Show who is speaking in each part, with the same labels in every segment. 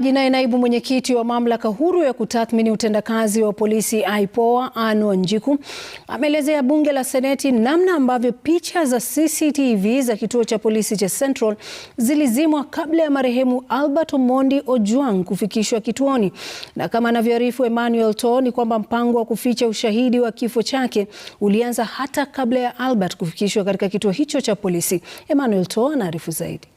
Speaker 1: Naye naibu mwenyekiti wa mamlaka huru ya kutathmini utendakazi wa polisi IPOA, Anne Wanjiku, ameelezea bunge la Seneti namna ambavyo picha za CCTV za kituo cha polisi cha Central zilizimwa kabla ya marehemu Albert Omondi Ojwang kufikishwa kituoni. Na kama anavyoarifu Emmanuel To, ni kwamba mpango wa kuficha ushahidi wa kifo chake ulianza hata kabla ya Albert kufikishwa katika kituo hicho cha polisi. Emmanuel To anaarifu zaidi.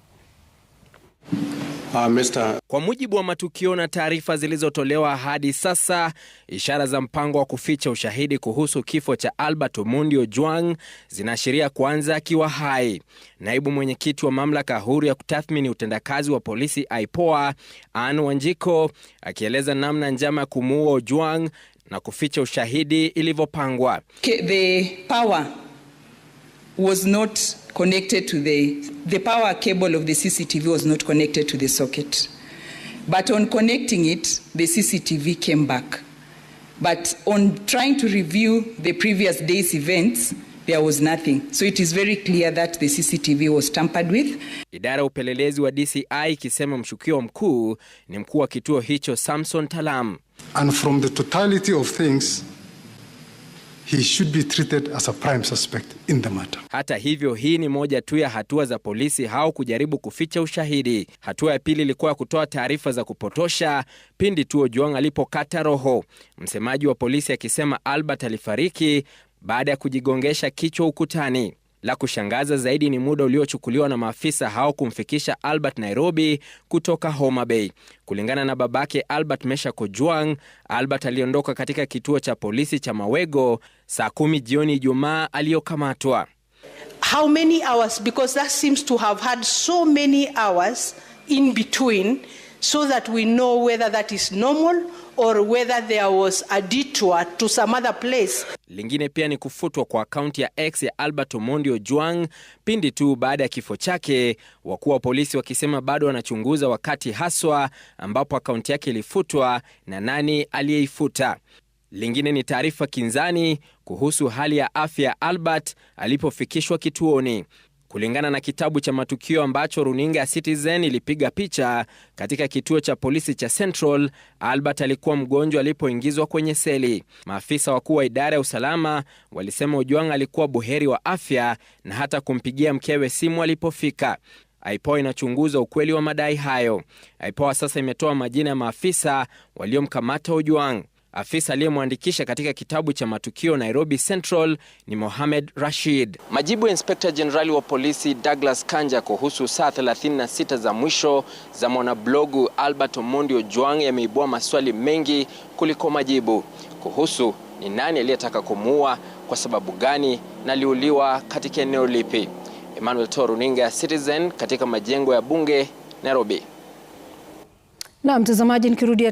Speaker 2: Uh, ah, Mr. Kwa mujibu wa matukio na taarifa zilizotolewa hadi sasa, ishara za mpango wa kuficha ushahidi kuhusu kifo cha Albert Omondi Ojwang zinaashiria kuanza akiwa hai. Naibu mwenyekiti wa mamlaka huru ya kutathmini utendakazi wa polisi IPOA, Anne Wanjiko akieleza namna njama ya kumuua Ojwang na kuficha ushahidi ilivyopangwa.
Speaker 3: The power was not connected to the, the power cable of the CCTV was not connected to the socket. But on connecting it, the CCTV came back. But on trying to review the previous day's events, there was nothing. So it is very clear that the CCTV was tampered with.
Speaker 2: Idara upelelezi wa DCI ikisema mshukio mkuu ni mkuu wa kituo hicho Samson Talam.
Speaker 4: And from the totality of things He should be treated as a prime suspect in the matter.
Speaker 2: Hata hivyo, hii ni moja tu ya hatua za polisi hao kujaribu kuficha ushahidi. Hatua ya pili ilikuwa ya kutoa taarifa za kupotosha pindi tu Ojwang alipokata roho, msemaji wa polisi akisema Albert alifariki baada ya kujigongesha kichwa ukutani. La kushangaza zaidi ni muda uliochukuliwa na maafisa hao kumfikisha Albert Nairobi kutoka Homa Bay. Kulingana na babake Albert Mesha Kojuang, Albert aliondoka katika kituo cha polisi cha Mawego saa kumi jioni Ijumaa aliyokamatwa.
Speaker 3: How many hours? Because that seems to have had so many hours in between so that we know whether that is normal or whether there was a detour to some other place.
Speaker 2: Lingine pia ni kufutwa kwa akaunti ya X ya Albert Omondi Ojwang pindi tu baada ya kifo chake, wakuu wa polisi wakisema bado wanachunguza wakati haswa ambapo akaunti yake ilifutwa na nani aliyeifuta. Lingine ni taarifa kinzani kuhusu hali ya afya ya Albert alipofikishwa kituoni kulingana na kitabu cha matukio ambacho runinga ya Citizen ilipiga picha katika kituo cha polisi cha Central. Albert alikuwa mgonjwa alipoingizwa kwenye seli. Maafisa wakuu wa idara ya usalama walisema Ojwang alikuwa buheri wa afya na hata kumpigia mkewe simu alipofika. IPOA inachunguza ukweli wa madai hayo. IPOA sasa imetoa majina ya maafisa waliomkamata Ojwang. Afisa aliyemwandikisha katika kitabu cha matukio Nairobi Central ni Mohamed Rashid. Majibu ya Inspekta Jenerali wa polisi Douglas Kanja kuhusu saa 36 za mwisho za mwanablogu Albert Omondi Ojwang yameibua maswali mengi kuliko majibu kuhusu ni nani aliyetaka kumuua, kwa sababu gani, na aliuliwa katika eneo lipi. Emmanuel to runinga ya Citizen katika majengo ya bunge Nairobi. Na mtazamaji, nikirudia